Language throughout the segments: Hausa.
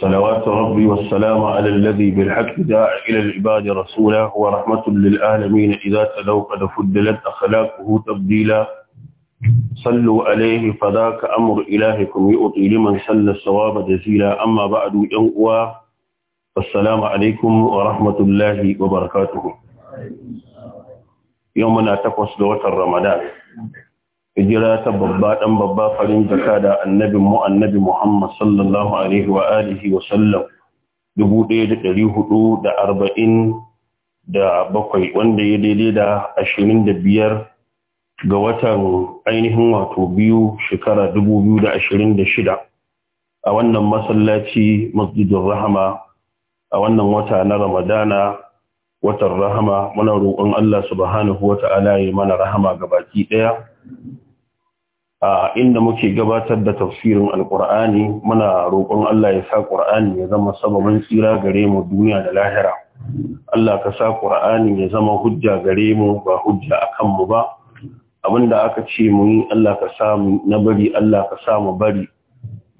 صلوات ربي والسلام على الذي بالحق داع إلى العباد رسولا ورحمة للعالمين إذا تلو قد فدلت أخلاقه تبديلا صلوا عليه فذاك أمر إلهكم يؤطي لمن سل الصواب جزيلا أما بعد ينقوى السلام عليكم ورحمة الله وبركاته يومنا تقوى صلوات رمضان hijira ta babba dan babba farin jaka da annabin mu annabi Muhammad sallallahu alaihi wa alihi wa sallam 1447 wanda ya daidai da 25 ga watan ainihin wato biyu shekara 2026 a wannan masallaci masjidin rahama a wannan wata na ramadana watan rahama muna roƙon Allah subhanahu wa ta'ala ya mana rahama gabaki ɗaya A'a, inda muke gabatar da tafsirin alkur'ani muna roƙon Allah ya sa ƙur'ani ya zama sababin tsira gare mu duniya da lahira Allah ka sa ƙur'ani ya zama hujja gare mu ba hujja a kanmu ba abinda aka ce mu yi Allah ka sa mu na bari Allah ka sa mu bari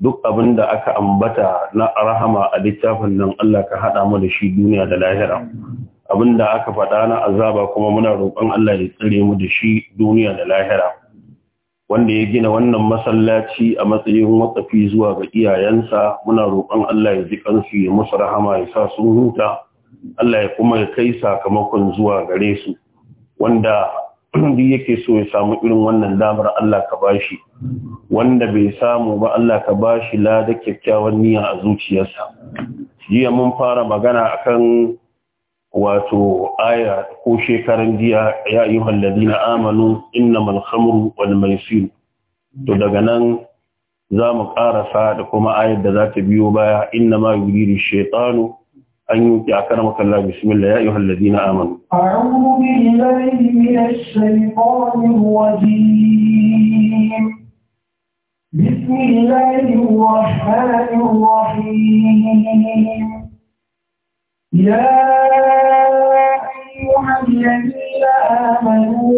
duk abinda aka ambata na rahama a littafin nan Allah ka haɗa mu da shi duniya da lahira abinda aka faɗa na azaba kuma muna roƙon Allah ya tsare mu da shi duniya da lahira wanda ya gina wannan masallaci a matsayin wakafi zuwa ga iyayensa muna roƙon Allah ya ji kansu ya musu rahama ya sa sun huta Allah ya kuma ya kai sakamakon zuwa gare su wanda duk yake so ya samu irin wannan damar Allah ka bashi wanda bai samu ba Allah ka bashi lada kyakkyawan niyya a zuciyarsa jiya mun fara magana akan wato aya ko shekaran jiya ya ayyuhal ladina amanu innamal wani mai maisir to daga nan za mu karasa da kuma ayar da za ta biyo baya inna yuridu shaytanu an yi أكرمك الله بسم الله يا أيها الذين آمنوا أعوذ بالله من الشيطان يا الذين آمنوا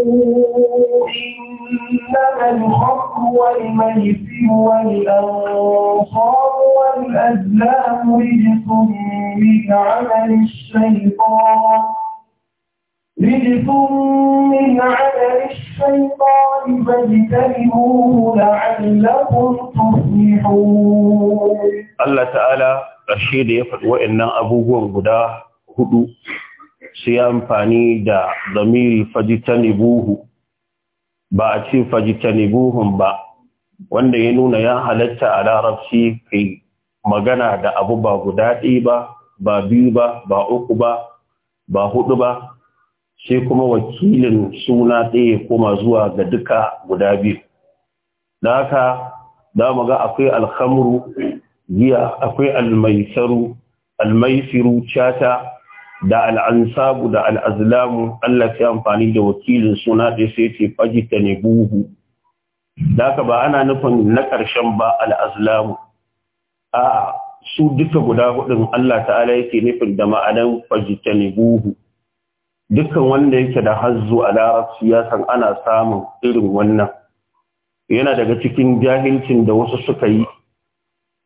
إنما الخمر والميسر والأنصار والأزلام رجس من عمل الشيطان رجس من عمل الشيطان فاجتنبوه لعلكم تفلحون الله تعالى الشيء da ya faɗi wa'annan abubuwan sai amfani da zamiri fajitanibuhu ba a ce fajitanibuhun ba wanda ya nuna ya halatta a larabci kai magana da abu ba guda ɗi ba ba biyu ba ba uku ba ba hudu ba sai kuma wakilin suna ɗaya kuma zuwa ga duka guda biyu da haka za mu ga akwai alhamuru giya akwai almaisaru almaisiru chata da al'ansabu da al'azlamu Allah fi amfani da wakilin suna da sai ce fajita ne buhu. Daka ba ana nufin na ƙarshen ba al'azlamu. A su duka guda hudun Allah ta'ala yake nufin da ma'anan fajita ne buhu. Dukkan wanda yake da hazzu a larabci ya ana samun irin wannan. Yana daga cikin jahilcin da wasu suka yi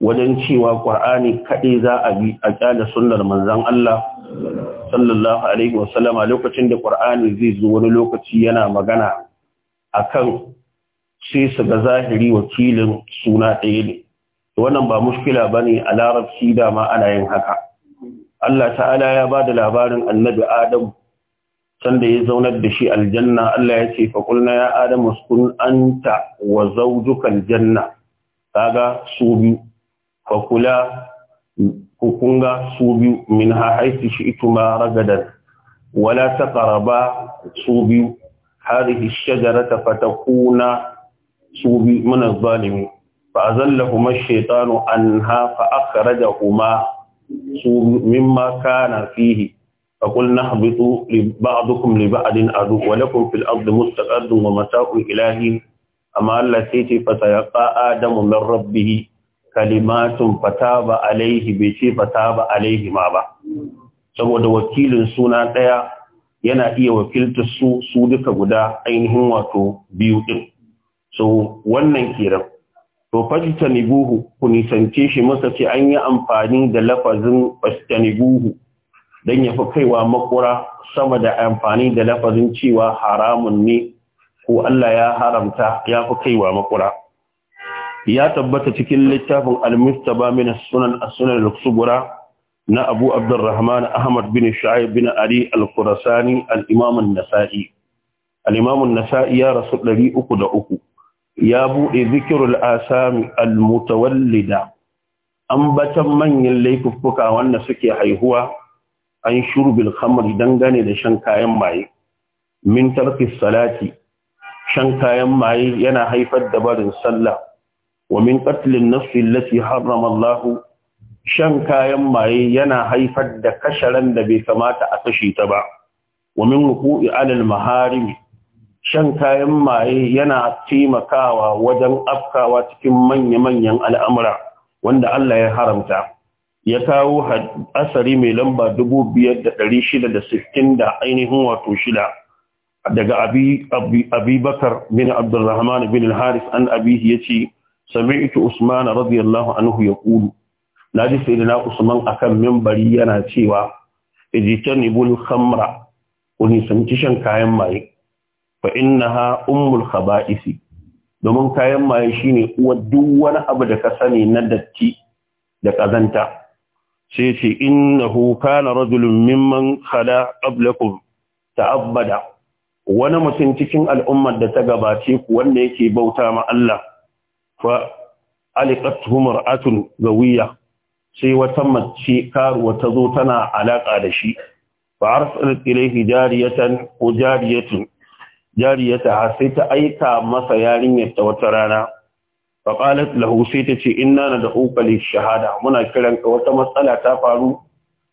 wajen cewa ƙwar'ani kaɗai za a bi a ƙyale sunnar manzan Allah sallallahu alaihi wasallam lokacin da ƙur'ani zai zo wani lokaci yana magana akan sai su ga zahiri wakilin suna ɗaya ne wannan ba mushkila ba ne. a larabci dama ana yin haka Allah ta'ala ya ba da labarin annabi Adam sanda ya zaunar da shi aljanna Allah ya ce fa qulna ya Adam uskun anta wa zawjuka aljanna kaga su biyu faƙula. kukunga subi min ha haisi shi'ituma ragadan wala taqraba subi hadhihi ash-shajarata fatakuna subi min az-zalimin fa azallahuma ash-shaytanu anha fa akhrajahuma subi mimma kana fihi fa qulna habitu li ba'dikum li ba'din adu wa lakum fil ardi mustaqarrun wa mata'un ilahi amma allati fa sayaqa adamu min rabbihi kalimatun fataba alaihi bai ce fataba alaihi ma ba saboda wakilin suna ɗaya yana iya wakilta su su duka guda ainihin wato biyu ɗin so wannan kiran to fajtanibuhu ku nisance shi masa ce an yi amfani da lafazin fajtanibuhu don ya fi kaiwa makura sama da amfani da lafazin cewa haramun ne ko Allah ya haramta ya fi kaiwa makura ya tabbata cikin littafin al-mustaba min as-sunan as-sunan al-kubra na Abu Abdurrahman Ahmad bin Shu'aib bin Ali al-Qurasani al-Imam an-Nasa'i al-Imam an-Nasa'i ya rasu 303 ya bude zikrul asami al-mutawallida ambatan manyan laifuffuka wanda suke haihuwa an shurbil khamri dangane da shan kayan maye min tarki salati shan kayan maye yana haifar da barin sallah ومن قتل النفس التي حرم الله shan kayan maye yana haifar da kasharan da bai kamata a kashe ta ba wa min wuqu'i alal maharim shan kayan maye yana taimakawa wajen afkawa cikin manya-manyan al'amura wanda Allah ya haramta ya kawo asari mai lamba 5660 da ainihin wato shida daga abubakar bin Abdulrahman bin al-haris an abihi yace sami'tu usman radiyallahu anhu ya yaqulu naji sayyidina usman a kan membari yana cewa ijtanibul khamra kuni sanci shan kayan maye fa innaha ummul khaba'isi domin kayan maye shine uwar duk wani abu da ka sani na datti da kazanta sai ce innahu kana rajulun mimman khala qablakum ta'abbada wani mutum cikin al'ummar da ta gabace ku wanda yake bauta ma Allah fa aliqatuhu mar'atun gawiya sai wata mace karuwa ta zo tana alaƙa da shi fa arsalat ilayhi jariyatan wa jariyatun jariyata sai ta aika masa yarinyar ta wata rana Ba qalat lahu sai ta ce inna da lish shahada muna kiran ka wata matsala ta faru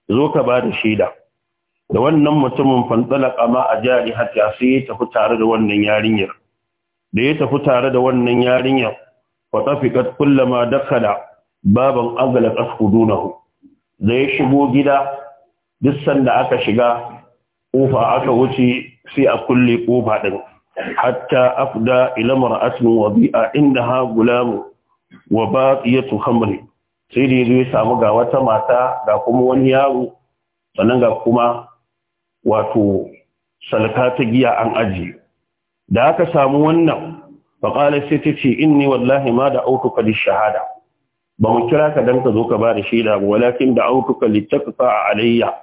zo ka ba da shaida da wannan mutumin fantalaka ma a jari hatta sai ya tafi tare da wannan yarinyar da ya tafi tare da wannan yarinyar fatafikat kullama dakala baban agala kaskudunahu da ya shigo gida duk sanda aka shiga kofa aka wuce sai a kulle kofa din hatta afda ila mar'atin inda indaha gulamu wa baqiyatu khamri sai da yazo ya samu ga wata mata da kuma wani yaro sannan ga kuma wato salka ta giya an aji da aka samu wannan faƙalar sai ta ce inni wallahi ma da autuka li shahada ba mu kira ka dan ka zo ka ba da shaida ba walakin da autuka li a alayya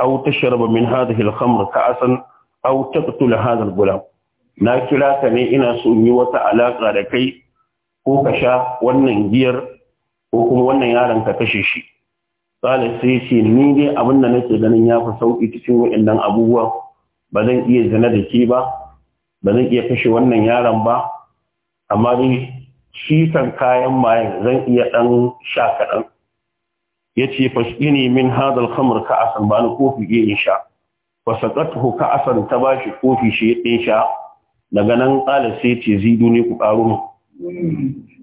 aw tashraba min hadhihi al-khamr ka'asan aw taqtul hadha al-gulam na kira ka ne ina so in yi wata alaƙa da kai ko ka sha wannan giyar ko kuma wannan yaron ka kashe shi Sale sai ce ni dai abin da nake ganin ya fi sauƙi cikin waɗannan abubuwa ba zan iya zina da ke ba ba zan iya kashe wannan yaron ba amma ni shi kan kayan mayan zan iya ɗan sha kaɗan ya ce fashini min hadal khamr ka asan ba ni kofi ge in sha fasaqatuhu ka asan ta bashi kofi shi ɗin sha daga nan ƙala sai ce zidu ne ku ƙaru mu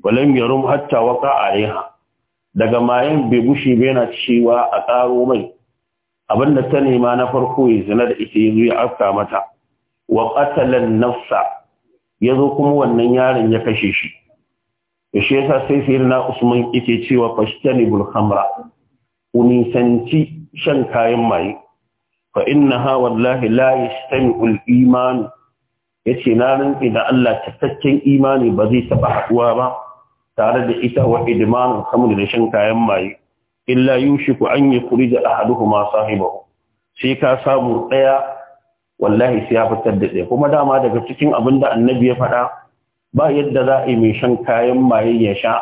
walam yarum hatta waqa alaiha daga mayan bai bushe ba yana cewa a karo mai abinda ta nema na farko ya zina da ita ya zo ya afka mata wa qatala nafsa ya zo kuma wannan yaron ya kashe shi shi yasa sai sayyidina Usman yake cewa fashtanibul khamra unisanci shan kayan maye fa innaha wallahi la yastami'ul iman yace na rinki da Allah cikakken imani ba zai taba haduwa ba tare da ita wa idmanul khamr da shan kayan maye illa yushiku an yukhrij ahaduhuma sahibahu sai ka samu daya wallahi sai ya fitar da ɗaya kuma dama daga cikin abin da annabi ya faɗa ba yadda za a yi mai shan kayan maye ya sha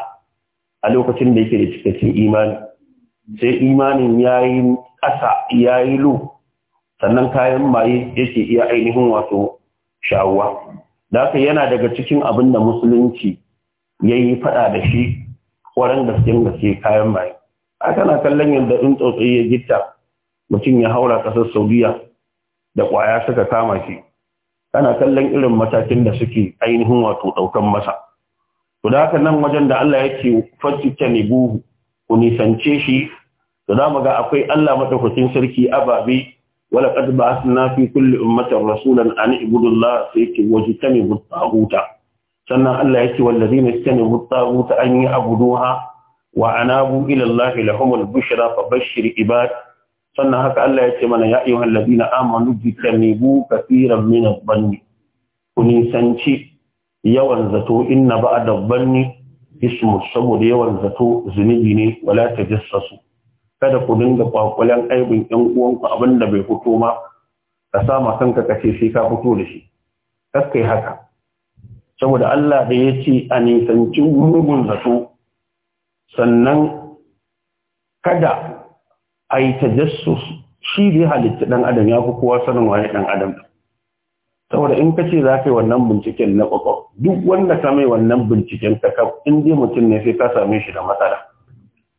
a lokacin da yake da cikakken imani sai imanin ya yi ƙasa ya yi lu sannan kayan maye yake iya ainihin wato shawuwa da haka yana daga cikin abin da musulunci ya yi faɗa da shi ƙwarar gaske gaske kayan maye a kana kallon yadda in tsautsayi ya gitta mutum ya haura ƙasar saudiya da ƙwaya suka kama shi kana kallon irin matakin da suke ainihin wato ɗaukan masa to da nan wajen da Allah yake faccike ne buhu ku nisance shi to za mu ga akwai Allah madaukakin sarki ababe wala qad ba'athna fi kulli ummatin rasulan an ibudu Allah sai yake wajtani buttahuta sannan Allah yake wallazina istanibu buttahuta an yi abuduha wa anabu ila Allah lahumul bushra fabashshir ibad sannan haka Allah ya ce mana ya ayyuhal na amanu bitanibu ka min mina banni ku nisanci yawan zato inna a da banni ismu saboda yawan zato zunubi ne wala ta tajassasu kada ku dinga kwakwalen aibin yan uwanku abin da bai fito ma ka sama kanka ce sai ka fito da shi kakkai haka saboda Allah da ya ce a nisanci mugun zato sannan kada a yi tajassus shi dai halitta ɗan adam ya fi kowa sanin wani ɗan adam saboda in ka ce za ka yi wannan binciken na ƙwaƙwa duk wanda ka mai wannan binciken ka ka in dai mutum ne sai ka same shi da matsala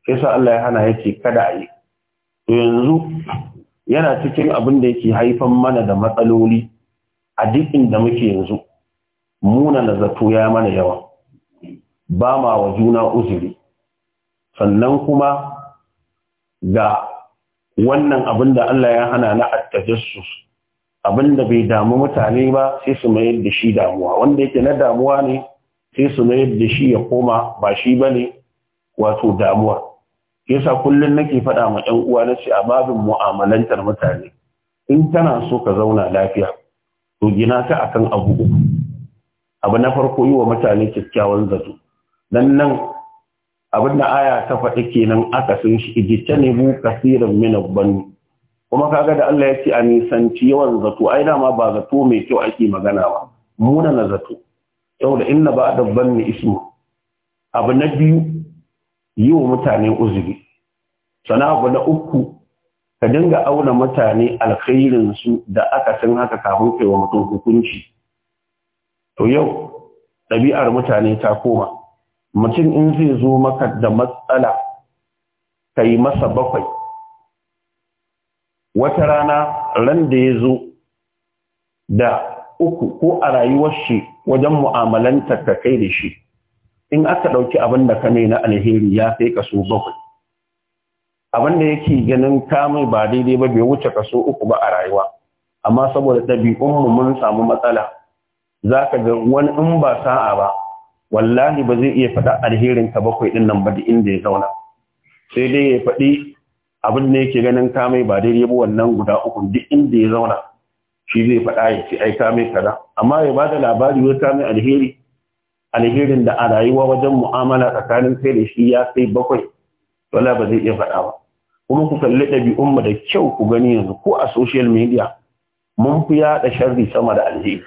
sai sa Allah ya hana yake kada a yi to yanzu yana cikin abin da yake haifan mana da matsaloli a duk inda muke yanzu muna na zato ya mana yawa ba ma wa juna uzuri sannan kuma ga wannan abin da Allah ya hana na attajassus abin da bai damu mutane ba sai su mayar da shi damuwa wanda yake na damuwa ne sai su mayar da shi ya koma ba shi ba ne wato damuwa yasa kullum nake faɗa ma ɗan uwa na ce a babin mu'amalantar mutane in tana so ka zauna lafiya to gina ta akan abu uku abu na farko yi wa mutane kyakkyawan zato dan nan abin da aya ta faɗi kenan aka sun shi ijita ne mu kasirin minan banu kuma kaga da Allah ya ce a nisanci yawan zato ai ma ba zato mai kyau ake magana ba muna na zato yau da inna ba da banni ismu abu na biyu yi wa mutane uzuri sana abu na uku ka dinga auna mutane alkhairin su da aka san haka kafin kai wa mutum hukunci to yau ɗabi'ar mutane ta koma mutum in zai zo maka da matsala ka yi masa bakwai wata rana ran da ya zo da uku ko a rayuwar shi wajen mu'amalanta ka kai da shi in aka ɗauki abin da ka mai na alheri ya kai kaso bakwai abin da yake ganin kamai ba daidai ba bai wuce kaso uku ba a rayuwa amma saboda ɗabi'unmu mun samu matsala za ka ga wani in ba sa'a ba wallahi ba zai iya faɗa alherin ka bakwai ɗin nan ba da inda ya zauna sai dai ya faɗi abin da yake ganin kamai ba daidai yabo wannan guda uku duk inda ya zauna shi zai faɗa ya ce ai kamai kaza amma ya ba da labari wata mai alheri alherin da a rayuwa wajen mu'amala tsakanin kai da shi ya kai bakwai wala ba zai iya faɗa ba kuma ku kalli ɗabi'un mu da kyau ku gani yanzu ko a social media mun fi yaɗa sharri sama da alheri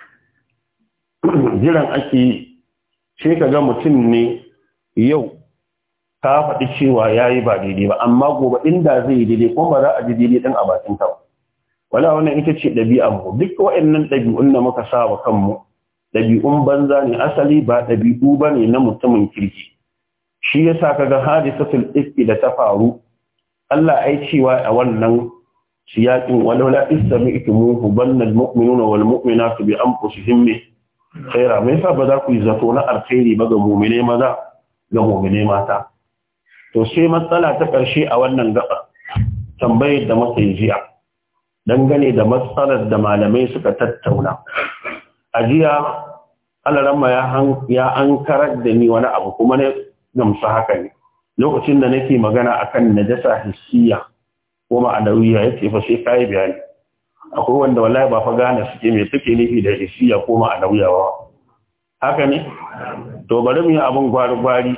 jiran ake ce ka ga mutum ne yau ka faɗi cewa ya yi ba daidai ba amma gobe inda zai yi daidai kuma ba za a ji daidai ɗin a bakin ta wala wannan ita ce ɗabi'an mu duk waɗannan ɗabi'un da muka sa wa kanmu ɗabi'un banza ne asali ba ɗabi'u ba ne na mutumin kirki shi yasa kaga hadisatul ifki da ta faru Allah ai cewa a wannan siyaƙin walaula istami'tumuhu banna almu'minuna walmu'minatu bi anfusihim khaira me yasa ba za ku yi zato na alkhairi ba ga mu'mine maza ga mu'mine mata to sai matsala ta ƙarshe a wannan gaba tambayar da masa jiya dangane da matsalar da malamai suka tattauna a jiya alaramma ya an karar da ni wani abu kuma na gamsu haka ne lokacin da nake magana akan najasa hissiya a nauyi ya ce fa sai kayi bayani akwai wanda wallahi ba fa gane suke mai suke nufi da isiya ko ma'anawiyawa haka ne to bari mu yi abin gwari-gwari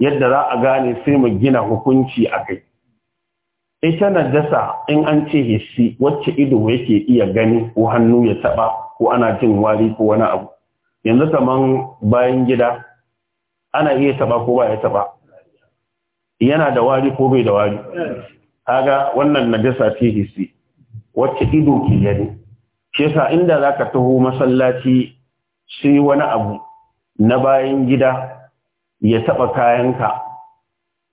yadda za a gane sai mu gina hukunci a kai ita najasa in an ce hissi wacce ido yake iya gani ko hannu ya taba ko ana jin wari ko wani abu yanzu kaman bayan gida ana iya taba ko ba ya taba yana da wari ko bai da wari kaga wannan najasa ce hissi wacce ido ke gani shi yasa inda zaka taho masallaci sai wani abu na bayan gida ya taba kayanka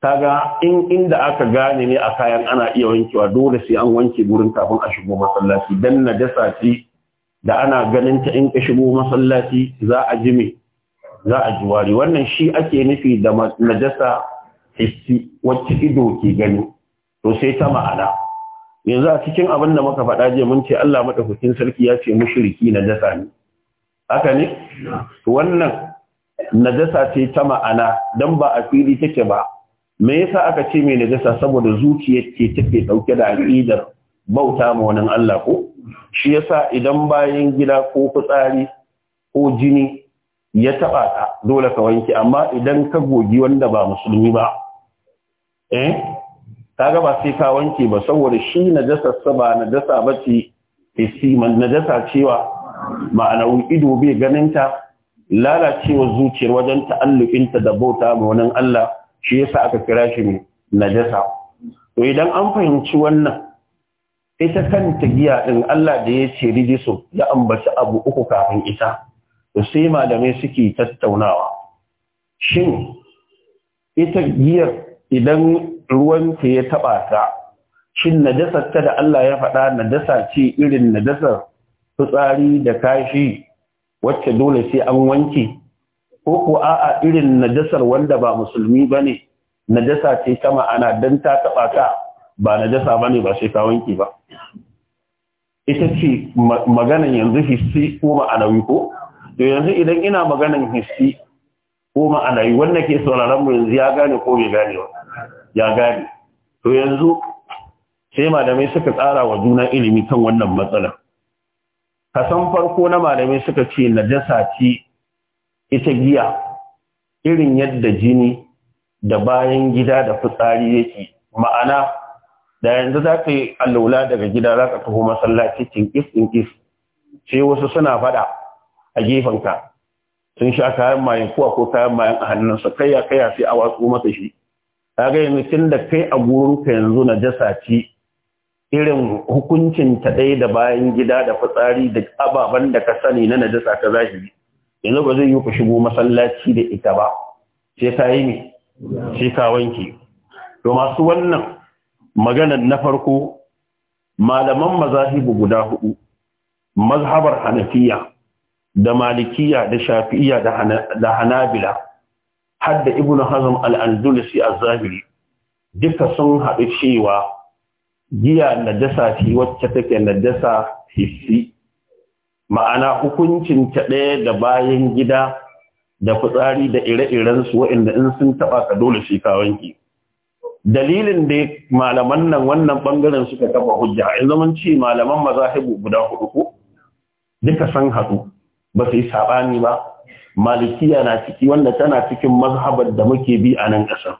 kaga in inda aka gane ne a kayan ana iya wankewa dole sai an wanke gurin kafin a shigo masallaci dan na dasa ce da ana ganin ta in ka shigo masallaci za a ji me za a ji wari wannan shi ake nufi da najasa hissi wacce ido ke gani to sai ta ma'ana yanzu a cikin abin da muka faɗa je mun ce Allah madaukakin sarki ya ce mushriki na dasa ne haka ne wannan najasa ce ta ma'ana dan ba a fili take ba me yasa aka ce mai najasa saboda zuciyar ce take dauke da aqidar bauta ma wannan Allah ko shi yasa idan bayan gida ko fitsari ko jini ya taba ka dole ka wanke amma idan ka gogi wanda ba musulmi ba eh kaga ba sai ka wanke ba saboda shi najasa ba najasa bace man najasa cewa ma'ana ido bai ganinta Lalacewa zuciyar wajen ta'allukinta da bauta ga wani Allah shi yasa aka kira shi ne najasa to idan an fahimci wannan ita kanta giya din Allah da ya ce rijisu ya ambaci abu uku kafin ita to sai malamai suke tattaunawa shin ita giyar idan ruwanta ya taɓa ta shin najasar ta da Allah ya faɗa najasa ce irin najasar fitsari da kashi wacce dole sai an wanke ko ko a'a irin najasar wanda ba musulmi bane najasa ce ta ma'ana dan ta taba ta ba najasa bane ba sai ka wanke ba ita ce maganan yanzu hissi ko ma'anawi ko to yanzu idan ina maganan hissi ko ma'ana yi wannan ke sauraron mu yanzu ya gane ko bai gane wa? ya gane to yanzu sai malamai suka tsara wa juna ilimi kan wannan matsalar kasan farko na malamai suka ce najasa ce ita giya irin yadda jini da bayan gida da fitsari yake ma'ana da yanzu za ka yi allola daga gida za ka taho masallaci cinkis cinkis sai wasu suna fada a gefenka sun sha kayan mayan kuwa ko kayan mayan a hannunsa kai ya kai ya sai a wasu, masa shi ta ga yanzu tun da kai a gurinka yanzu na jasa ci irin hukuncin ta ɗaya da bayan gida da fitsari da ababen da ka sani na najasa ta zahiri yanzu ba zai yi ku shigo masallaci da ita ba sai ka yi ne sai ka wanke to masu wannan maganar na farko malaman mazahibu guda hudu mazhabar hanafiya da malikiya da shafi'iya da hanabila har da ibnu hazm al-andalusi az-zahiri duka sun haɗu cewa giya na dasa shi wacce take dasa hissi ma'ana hukuncin ta ɗaya da bayan gida da fitsari da ire-irensu wa'inda in sun taɓa ka dole shi ka wanke dalilin da malaman nan wannan ɓangaren suka kafa hujja ya zaman ce malaman mazahibu guda hudu ko duka san haɗu ba su yi saɓani ba malikiya na ciki wanda tana cikin mazhabar da muke bi a nan ƙasar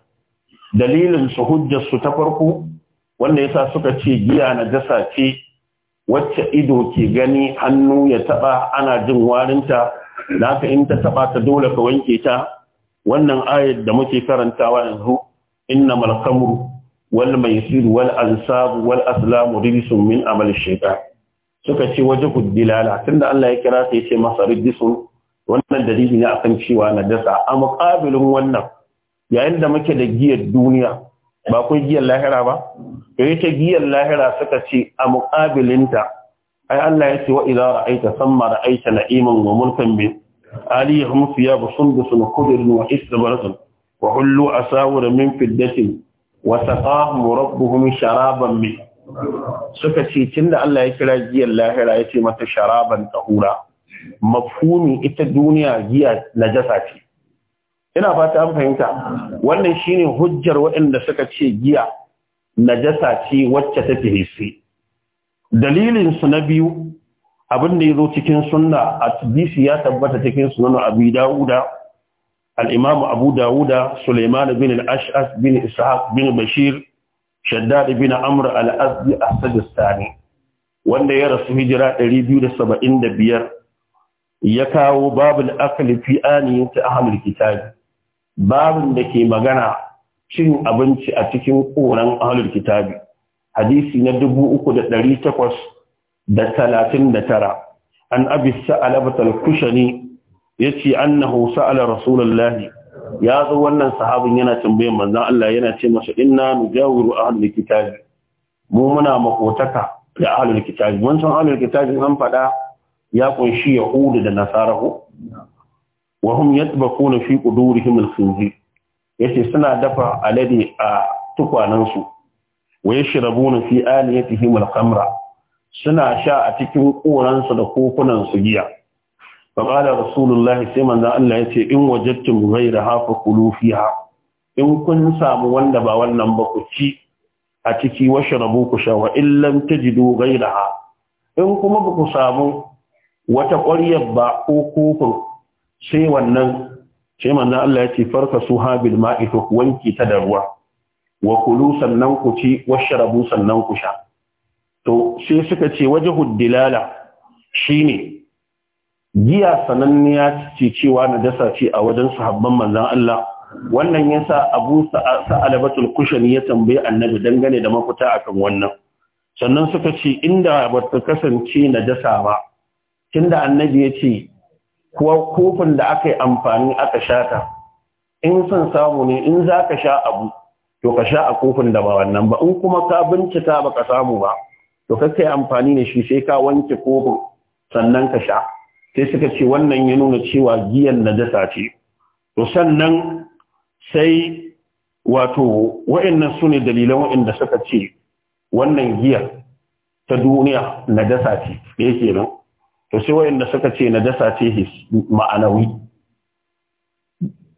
dalilin su hujjar su ta farko wanda yasa suka ce giya na jasa ce wacce ido ke gani hannu ya taɓa? ana jin warinta Na haka in ta taba ta dole ka wanke ta wannan ayar da muke karantawa yanzu inna khamru wal maisir wal ansab wal azlam rijsun min amal shaytan suka ci waje dilala tunda Allah ya kira sai ya ce masa rijisun wannan dalili ne akan cewa dasa. a muƙabilin wannan yayin da muke da giyar duniya ba kun giyar lahira ba yayin ta giyar lahira suka ce a muƙabilinta ai Allah ya ce wa idza ra'aita samma ra'aita na'iman wa mulkan bi aliyahum thiyabu sundusun khudrun wa istabaratun wa hullu asawir min fiddatin wa saqahum rabbuhum sharaban min suka ce tun da Allah ya kira giyar lahira ya ce mata sharaban tahura mafhumi ita duniya giya najasa ce ina fata an fahimta wannan shine hujjar waɗanda suka ce giya najasa ce wacce tafi hissi dalilin su na biyu abin da zo cikin sunna at-hadisi ya tabbata cikin sunan Abu Dawuda al-Imam Abu Dawuda Sulaiman bin al bin Ishaq bin Bashir shaddad ibn amr al-azdi as-sajistani wanda ya rasu hijira 275 ya kawo babul akli fi aniyati ahlul kitab babun da ke magana cin abinci a cikin koran ahlul kitab hadisi na 3839 an abi sa'alabatal kushani yace annahu sa'ala rasulullahi ya zo wannan sahabin yana tambayan manzon Allah yana ce masa inna nujawiru ahlul kitab mu muna makotaka da ahlul kitab mun san ahlul kitab an fada ya kunshi yahudu da nasarahu wa hum yatbaquna fi qudurihim al-khinzir yace suna dafa alade a tukwanan su wa yashrabuna fi aliyatihim al-khamra suna sha a cikin koran da kokunan su giya فقال رسول الله سيما ذا in يتي إن وجدتم غيرها فكلوا فيها In kun samu wanda ba wannan ba ku ci a ciki rabu ku sha wa illam tajidu ha? in kuma ba ku samu wata ƙwaryar ba ko kofin sai wannan sai manzon Allah ya ce farka suha bil ma'i ku wanki ta da ruwa wa kulu sannan ku ci rabu sannan ku sha to sai suka ce waje huddilala shine giya sananniya ce cewa na dasa ce a wajen sahabban Manzan Allah wannan ya sa Abu Sa'alabatul kushen ya tambayi Annabi dangane da mafita akan wannan sannan suka ce inda ba ta kasance na dasa ba tunda Annabi ya ce kuwa kofin da aka yi amfani aka sha ta, in son samu ne in za ka sha abu to ka sha a kofin da ba wannan ba in kuma ka bincika ba ka samu ba to kai amfani da shi sai ka wanke kofin sannan ka sha sai suka ce wannan ya nuna cewa giyan najasa ce to sannan sai wato wa'annan su ne dalilan wa'anda suka ce wannan giyar ta duniya najasa ce da yake nan to sai wa'anda suka ce najasa ce ma'anawi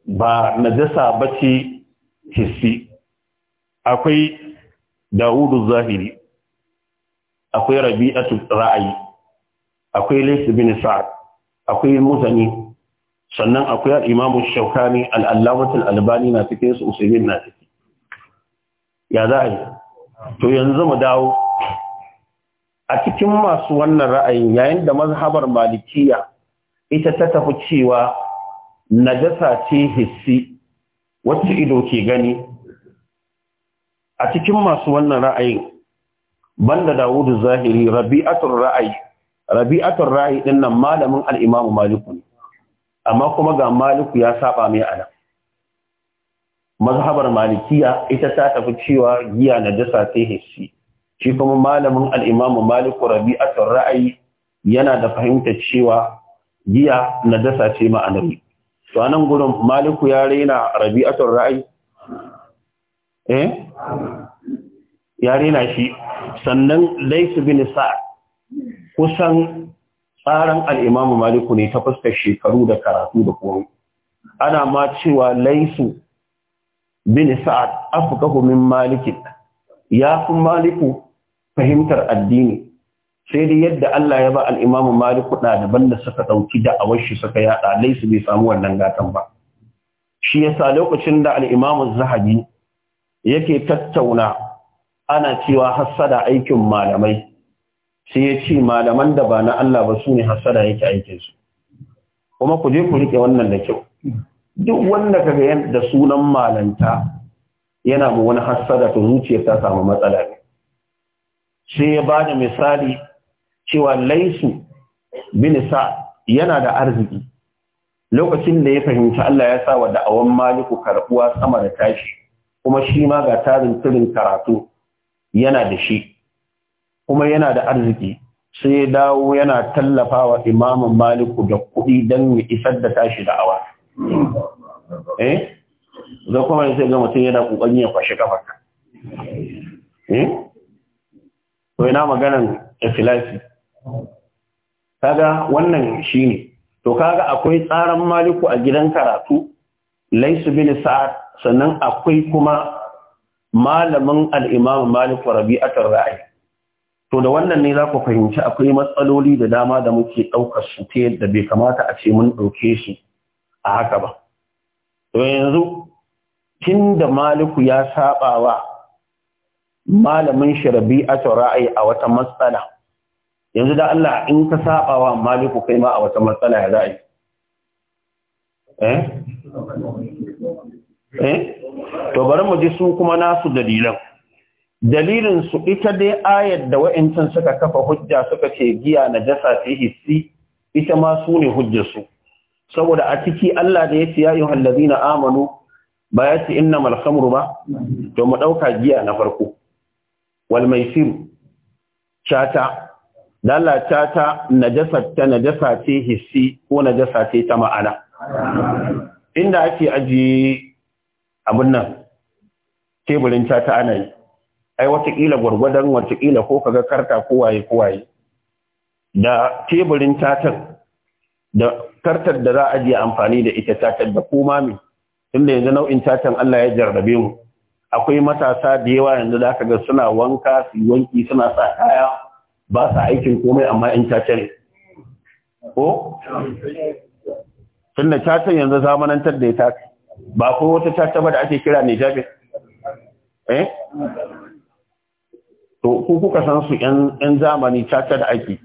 ba najasa ba ce hissi akwai dawudu zahiri akwai rabi'atu ra'ayi akwai laysu bin sa'ad akwai muzani sannan akwai imamu shaukani al'allamatul albani na cikin su usulin na ciki ya za a yi to yanzu mu dawo a cikin masu wannan ra'ayin yayin da mazhabar malikiya ita ta tafi cewa najasa ce hissi wacce ido ke gani a cikin masu wannan ra'ayin banda dawudu zahiri rabi'atul ra'ayi rabi'atul ra'i din nan malamin al-imam maliku ne amma kuma ga maliku ya saba mai ana mazhabar malikiya ita ta tafi cewa giya na dasa sai hissi shi kuma malamin al-imam maliku rabi'atul ra'i yana da fahimtar cewa giya na dasa ce ma'anar to anan gurin maliku ya rena rabi'atul ra'i eh ya rena shi sannan laysu bin sa'ad kusan tsaran al'imamu maliku ne ta fuskar shekaru da karatu da kuwa ana ma cewa laisu bin sa'ad afuka min malikin ya fi maliku fahimtar addini sai dai yadda Allah ya ba al'imamu maliku ɗaliban da suka ɗauki da a washe suka yada laisu bai samu wannan gatan ba shi ya sa lokacin da al'imamu zahabi yake tattauna ana cewa hassada aikin malamai sai ya ce malaman da ba na Allah ba su ne hasada yake su, kuma ku je ku riƙe wannan da kyau duk wanda kaga yadda da sunan malanta yana mu wani hasada to zuciyar ta samu matsala ne sai ya bada misali cewa laisu binisa yana da arziki lokacin da ya fahimci Allah ya sa wa da'awan maliku karbuwa sama da tashi kuma shi ma ga tarin tirin karatu yana da shi kuma yana da arziki sai ya dawo yana tallafawa imamin maliku da kuɗi don ya isar da tashi da awa eh zai kuma sai ga mutum yana ƙoƙarin ya kwashe kafa eh to yana maganan ikhlasi kaga wannan shine to kaga akwai tsaran maliku a gidan karatu laisu bin sa'ad sannan akwai kuma malamin al-imam malik rabi'atul ra'i to da wannan ne za ku fahimci akwai matsaloli da dama da muke ɗaukar su ta yadda bai kamata a ce mun ɗauke su a haka ba to yanzu tun da maliku ya saba wa malamin shi a ra'ayi a wata matsala yanzu da Allah in ka saba wa maliku kai ma a wata matsala ya za'i eh eh to bari mu ji su kuma nasu dalilan dalilin su ita dai ayar da wa'incan suka kafa hujja suka ce giya na jasa fi hissi ita ma su ne su. saboda a ciki Allah da ya ce ya yi hallazina amanu ba ya ce inna malhamru ba to mu ɗauka giya na farko wal mai chata dala chata najasa ta jasa ce hissi ko na jasa ce ta ma'ana inda ake ajiye abin nan teburin chata ana ai watakila gwargwadon watakila ko kaga karta ko waye ko waye da teburin tatan da kartar da za a je amfani da ita tatan da kuma mi tunda yanzu nau'in tatan Allah ya jarrabe mu akwai matasa da yawa yanzu da aka ga suna wanka su wanki suna sa kaya ba sa aikin komai amma in tatan ko tunda tatan yanzu zamanantar da ita ba ko wata tata ba da ake kira ne jabe eh to ku kuka san su yan zamani caca da ake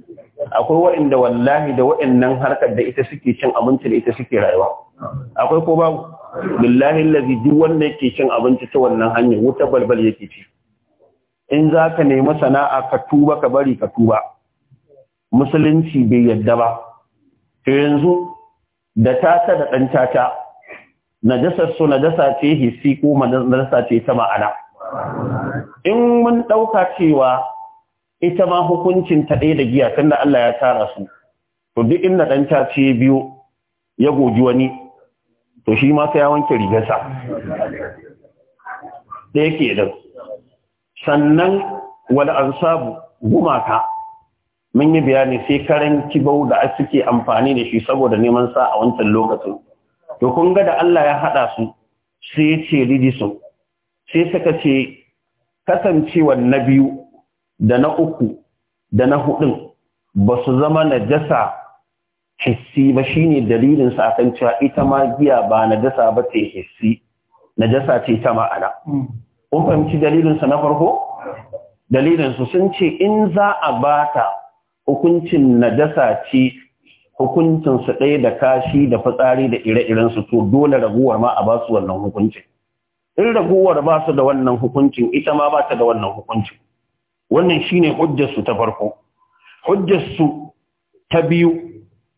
akwai waɗanda wallahi da waɗannan harkar da ita suke cin abinci da ita suke rayuwa akwai ko babu billahi lazi duk wanda yake cin abinci ta wannan hanyar wuta balbal yake ci in za ka nemi sana'a ka tuba ka bari ka tuba musulunci bai yadda ba yanzu da tata da ɗan tata najasar su najasa ce hissi ko najasa ce ta ma'ana in mun ɗauka cewa ita ma hukuncin ta ɗaya da giya tunda Allah ya tara su to duk inda ɗan caci biyu ya goji wani to shi ma sai ya wanke rigarsa ɗaya ke da sannan wani an sabu gumaka mun yi bayani sai karen kibau da suke amfani da shi saboda neman sa a wancan lokacin to kun ga da Allah ya haɗa su sai ya ce rijisun sai suka ce kasancewar na biyu da na uku da na hudun ba su zama najasa hissi ba shine dalilinsu a kan cewa ita ma giya ba jasa ba ce hissi na najasa ce ta ma'ana kun fahimci dalilinsu na farko dalilinsu sun ce in za a ba ta hukuncin na jasa ce hukuncin ɗaya da kashi da fitsari da ire irensu to dole raguwar ma a ba su wannan hukuncin in raguwar ba su da wannan hukuncin ita ma ba ta da wannan hukuncin wannan shine hujjarsu ta farko hujjarsu ta biyu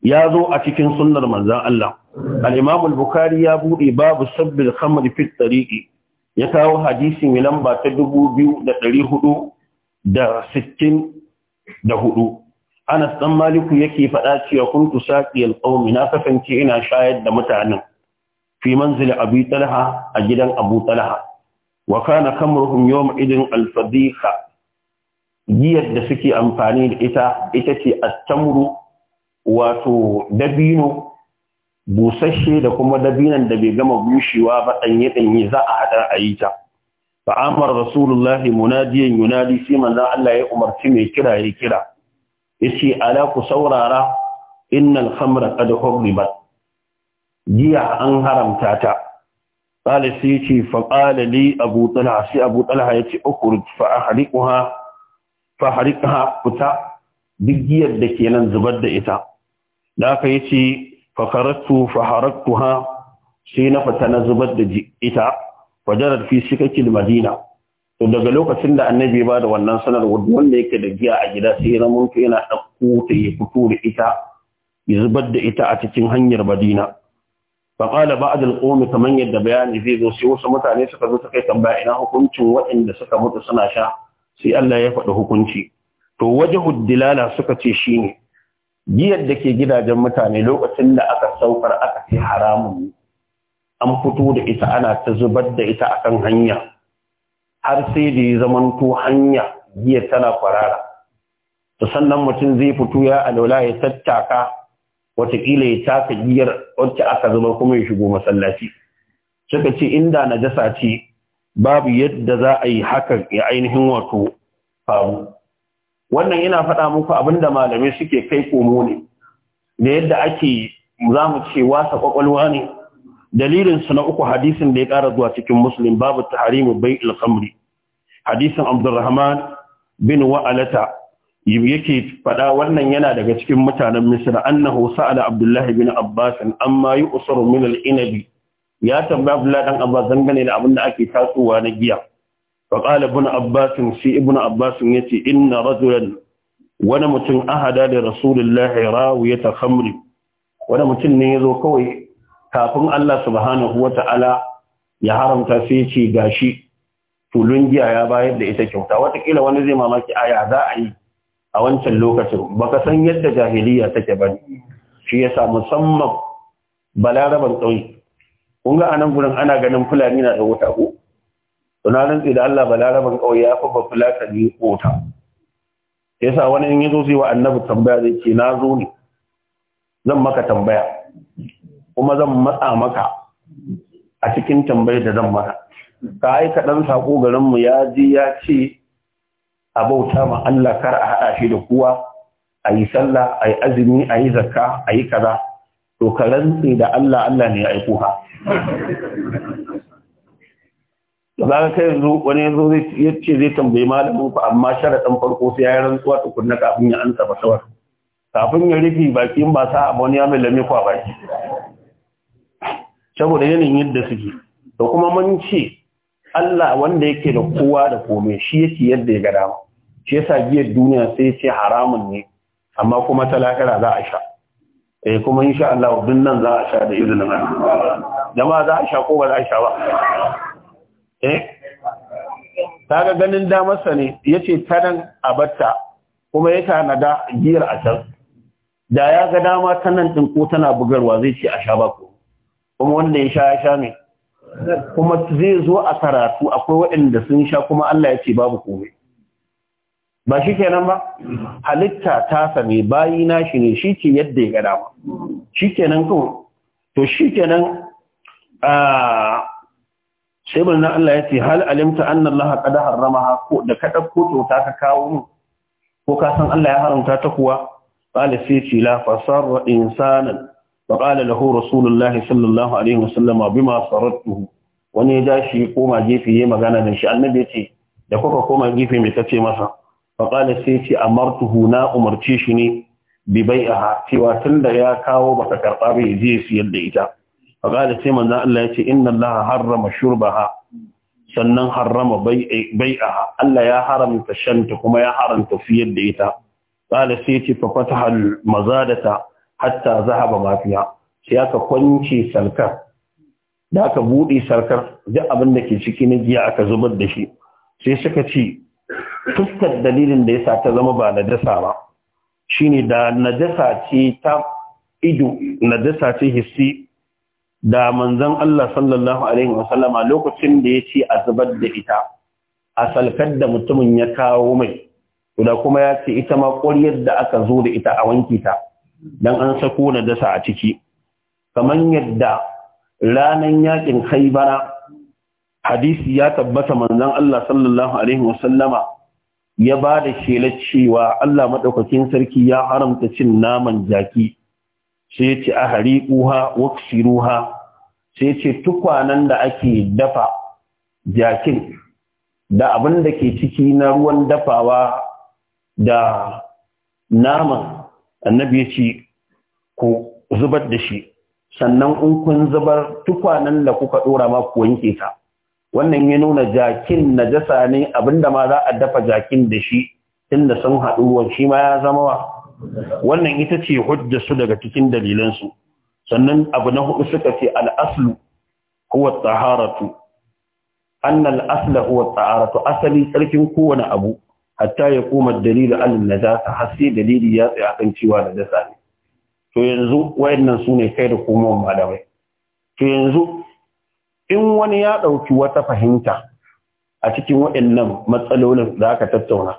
ya zo a cikin sunnar manzon Allah al-Imam al-Bukhari ya bude babu sabbil khamr fi tariqi ya kawo hadisi mai lamba ta 2464 Anas dan Maliku yake faɗa cewa kuntu saqiyal qaumi na kasance ina shayar da mutanen fi manzil abi talha a gidan abu talha wa kana kamruhum yawm idin al-fadiha giyar da suke amfani da ita ita ce at-tamru wato dabino busasshe da kuma dabinan da bai gama bushewa ba danye danye za a hada a yi ta fa amara rasulullahi munadiyan yunadi sai manzo Allah ya umarci mai kira ya kira yace ala ku saurara innal khamra qad hurribat Jiya an haramta ta qala sai ce fa qala li abu talha sai abu talha yace ukhruj fa ahriqha fa fita digiyar da kenan zubar da ita da aka yace fa kharatu fa haraktuha sai na fita na zubar da ita wajarar fi sikakil madina to daga lokacin da annabi ba da wannan sanarwar wanda yake da giya a gida sai na mutu yana ɗauko ta ya fito da ita ya zubar da ita a cikin hanyar madina faƙala ba a dalƙomi kamar yadda bayani zai zo sai wasu mutane suka zo ta kai tambaya ina hukuncin waɗanda suka mutu suna sha sai Allah ya faɗi hukunci to waje huddilala suka ce shi ne giyar da ke gidajen mutane lokacin da aka saukar aka ce haramun an fito da ita ana ta zubar da ita akan hanya har sai da ya zamanto hanya giyar tana kwarara to sannan mutum zai fito ya alola ya tattaka watakila ya taka giyar wacce aka zama kuma ya shigo masallaci suka ce inda najasa ce babu yadda za a yi hakan ya ainihin wato faru wannan yana faɗa muku abinda malamai suke kai komo ne da yadda ake za mu ce wasa kwakwalwa ne dalilin su na uku hadisin da ya ƙara zuwa cikin musulun babu taharimu bai al hadisin abdurrahman bin wa'alata yake fada wannan yana daga cikin mutanen Misra annahu sa'ala Abdullahi bin Abbas amma yu'saru min al-inabi ya tambaya Abdullah dan Abbas dangane da abin da ake tatsuwa na giya fa qala ibn Abbas shi ibn Abbas yace inna rajulan wani mutum ahada da rasulullahi rawiyata khamri wani mutum ne yazo kawai kafin Allah subhanahu wata'ala ya haramta sai ce gashi tulun giya ya bayar da ita kyauta Wataƙila wani zai mamaki aya za a yi a wancan lokacin baka san yadda jahiliya take ba shi yasa musamman balaraban ƙauye kun ga anan gurin ana ganin fulani na da wuta ko tunanin da Allah balaraban ƙauye ya fa ba fulaka ne Ya yasa wani in yazo sai wa annabi tambaya zai ce na zo ne zan maka tambaya kuma zan matsa maka a cikin tambayar da zan maka ka aika dan sako garin ya ji ya ce a bauta ma Allah kar a haɗa shi da kowa a yi sallah a yi azumi a yi zakka a yi kaza to ka rantse da Allah Allah ne ya aiko ha da za ka kai yanzu wani yanzu ya ce zai tambayi malamin ku amma sharaɗin farko sai ya yi rantsuwa tukunna kafin ya ansa fasawar kafin ya rufe bakin ba sa abu wani ya mai lami kwa baki saboda yanayin yadda suke da kuma mun ce Allah wanda yake da kowa da komai shi yake yadda ya ga dama shi yasa giyar duniya sai ce haramun ne amma kuma talakara za a sha eh kuma insha Allah duk nan za a sha da izinin Allah jama'a za a sha ko ba za a sha ba eh kaga ganin damarsa ne yace ta nan a batta kuma ya tanada giyar a can da ya ga dama ta nan din ko tana bugarwa zai ce a sha ba ko kuma wanda ya sha ya sha ne kuma zai zo a karatu akwai waɗanda sun sha kuma Allah ya ce babu komai ba shi kenan ba halitta ta same bayi na shi ne shi ke yadda ya gada ba shi kenan kuma to shi kenan a shebul na Allah ya ce hal alimta anna Allah qad ha ko da ka dauko to ta ka kawo mu ko ka san Allah ya haramta ta kuwa qala sai ce la fasarra insanan wa qala lahu rasulullah sallallahu alaihi wasallam bima sarattuhu wani ya ja shi koma gefe yayi magana da shi annabi ya ce da kuka koma gefe me ce masa faƙala sai ce a martuhu na umarce shi ne bi bai a cewa tun da ya kawo baka karɓa bai je siyar da ita faƙala sai manzan Allah ya ce inna Allah harrama shurbaha sannan harrama eh, ha. Allah ya haramta shanta kuma ya haramta siyar da ita ƙala sai ce fa fataha mazadata hatta zahaba mafiya sai aka kwance sarkar da aka buɗe sarkar duk abin da ke ciki na jiya aka zubar da shi sai suka ce fuskar dalilin da ya sa ta zama ba najasa ba shine da najasa ce ta ido najasa ce hissi da manzon Allah sallallahu alaihi wasallama lokacin da ya ce a zubar da ita a salkar da mutumin ya kawo mai kuda kuma ya ce ita ma ƙwaryar da aka zo da ita a wanki ta dan an sako najasa a ciki kamar yadda ranan yakin khaybara hadisi ya tabbata manzon Allah sallallahu alaihi wasallama ya ba da shela cewa Allah maɗaukakin sarki ya haramta cin naman jaki sai ce a hari ƙuha ruha sai ce tukwanan da ake dafa jakin da abin da ke ciki na ruwan dafawa da naman annabi ya ce ku zubar da shi sannan in kun zubar tukwanan da kuka ɗora ma ku wanke ta wannan ya nuna jakin na jasa ne abinda ma za a dafa jakin da shi inda sun haɗu shi ma ya zama wa wannan ita ce hujja su daga cikin dalilansu sannan abu na hudu suka ce al'aslu huwa taharatu an al'asla huwa taharatu asali tsarkin kowane abu hatta ya koma dalili alin najasa har sai dalili ya tsaya kan cewa najasa ne to yanzu wayannan su ne kai da kuma malamai to yanzu in wani ya ɗauki wata fahimta a cikin waɗannan matsalolin da aka tattauna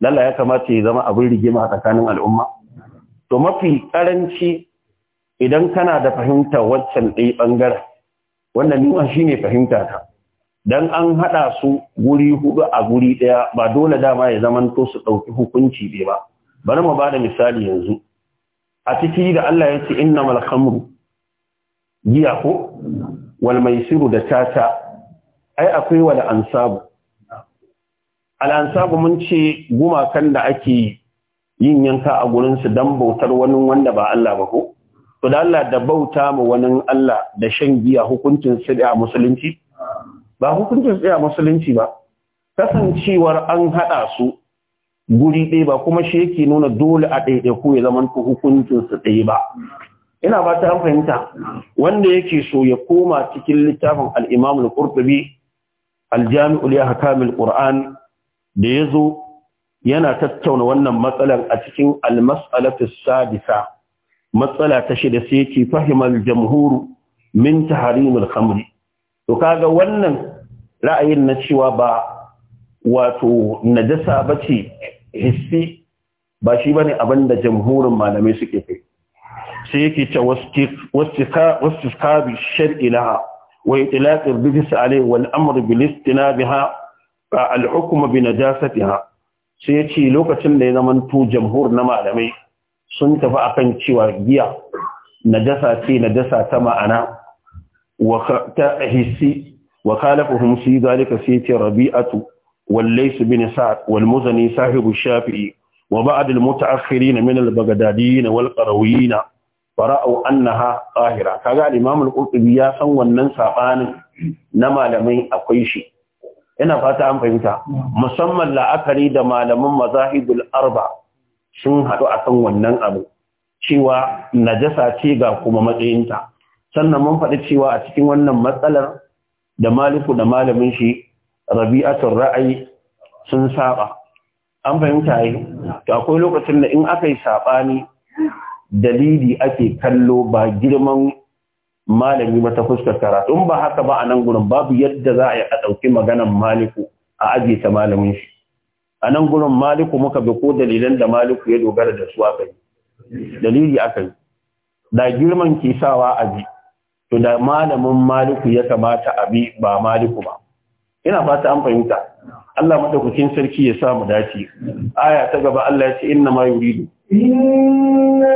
lalla ya kamata ya zama abin rigima a tsakanin al'umma to mafi ƙaranci idan kana da fahimta waccan ɗai ɓangaren wannan nima shi ne fahimta ta don an haɗa su guri huɗu a guri ɗaya ba dole dama ya zaman to su ɗauki hukunci ɗaya ba bari mu ba da misali yanzu a ciki da Allah ya ce na malhamru, giya ko wal maisiru da tata ai akwai wal ansabu al ansabu mun ce gumakan da ake yin yanka a gurin su dan bautar wani wanda ba Allah ba ko to da Allah da bauta mu wani Allah da shan giya hukuncin su da musulunci ba hukuncin su da musulunci ba kasancewar an hada su guri ɗaya ba kuma shi yake nuna dole a ɗaiɗaiku ya zama hukuncin su ɗaya ba ina ba ta fahimta wanda yake so ya koma cikin littafin al-Imam aljami'ul qurtubi al Ahkamil Qur'an da zo yana tattauna wannan matsalar a cikin al sadisa matsala ta shida sai yake fahimar jamhur min tahrimil khamr to kaga wannan ra'ayin na cewa ba wato najasa bace hissi ba shi bane abin da jamhurin malamai suke kai sai yake ce wastika bi shar'i laha wa itlaq al-bidis alayhi wal amr bil istinabiha ka al-hukm bi najasatiha sai yace lokacin da ya zaman jamhur na malamai sun tafi akan cewa giya dasa ce dasa ta ma'ana ta hissi wa khalafuhum fi zalika sai ce rabi'atu wal lays bin sa'd walmuzani sahibu shafi'i wa ba'd al-mutaakhirin min al-baghdadiyyin wal qarawiyyin Fara'u annaha tsahira kaga al-imam al-qurtubi ya san wannan sabanin na malamai akwai shi ina fata an fahimta musamman la'akari da malaman mazahibul arba sun haɗu akan wannan abu cewa najasa ce ga kuma matsayinta sannan mun faɗi cewa a cikin wannan matsalar da maliku da malamin shi rabi'atul ra'ayi sun saba an fahimta yi to akwai lokacin da in aka yi sabani dalili ake kallo ba girman malami ba ta fuskar karatu in ba haka ba a nan gurin babu yadda za a ɗauki maganan maliku a aje ta malamin shi a nan gurin maliku muka bi ko dalilan da maliku ya dogara da su aka yi dalili aka yi da girman ke sawa a bi to da malamin maliku ya kamata a bi ba maliku ba ina fata an fahimta Allah madaukakin sarki ya sa mu dace aya ta gaba Allah ya ce inna ma yuridu inna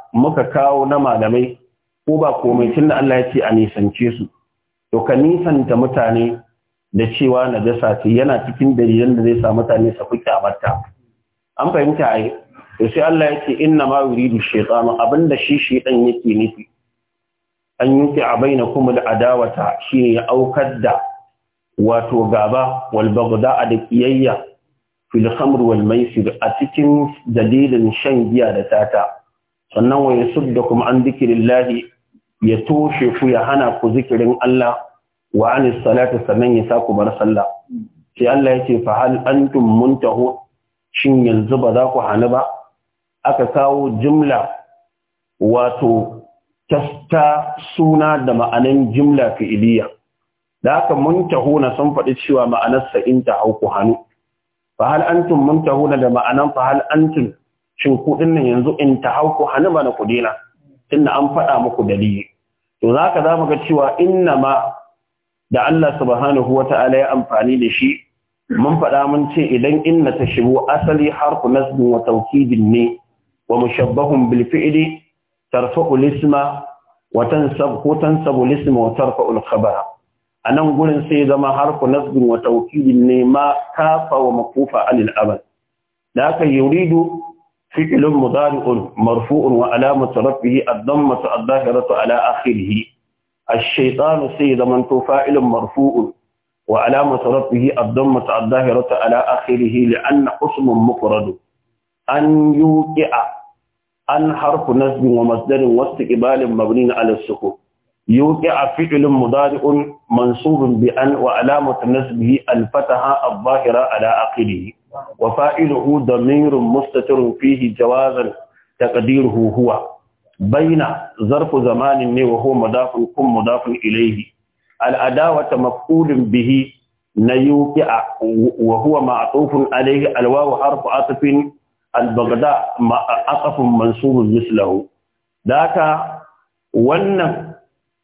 muka kawo na malamai ko ba komai tun da Allah ya ce a nisance su to ka nisanta mutane da cewa na jasa ce yana cikin dalilan da zai sa mutane su fi kyamarta an fahimta ai to sai Allah ya ce inna ma yuridu shaytan abinda shi dan yake nufi an yuki a bainakum al-adawata shine ya aukar da wato gaba wal bagda da kiyayya fil khamr wal maisir a cikin dalilin shan giya da tata sannan wa kuma an dhikrillahi ya toshe ku ya hana ku zikirin Allah wa anis salatu sannan ya sa ku bar sallah sai Allah yace fa hal antum muntahu shin yanzu ba za ku hana ba aka kawo jumla wato tasta suna da ma'anan jumla fi'iliya da haka na sun faɗi cewa ma'anarsa in ta ku hannu fa hal antum na da ma'anan fa hal antum shin kuɗin nan yanzu in ta hau ku hannu mana ku dena tunda an faɗa muku dalili to za ka za mu ga cewa inna ma da Allah subhanahu wa ta'ala ya amfani da shi mun faɗa mun ce idan inna ta shigo asali harfu nasbin wa tawkidin ne wa mushabbahun bil fi'li tarfa'u lisma wa tansab ko tansabu lisma wa tarfa'u al a anan gurin sai zama harfu nasbin wa tawkidin ne ma kafa wa makufa alil abad da aka yuridu فعل مضارع مرفوع وعلامة ربه الضمة الظاهرة على آخره الشيطان سيد من فاعل مرفوع وعلامة ربه الضمة الظاهرة على آخره لأن قسم مفرد أن يوقع أن حرف نسب ومصدر واستقبال مبني على السكون يوقع فعل مضارع منصوب بأن وعلامة نسبه الفتحة الظاهرة على آخره وفائله ضمير مستتر فيه جوازا تقديره هو بين ظرف زمان وهو مضاف كن مضاف إليه الأداوة مفعول به نيوكع وهو معطوف عليه الواو حرف عطف البغداء عطف منصوب مثله ذاك ون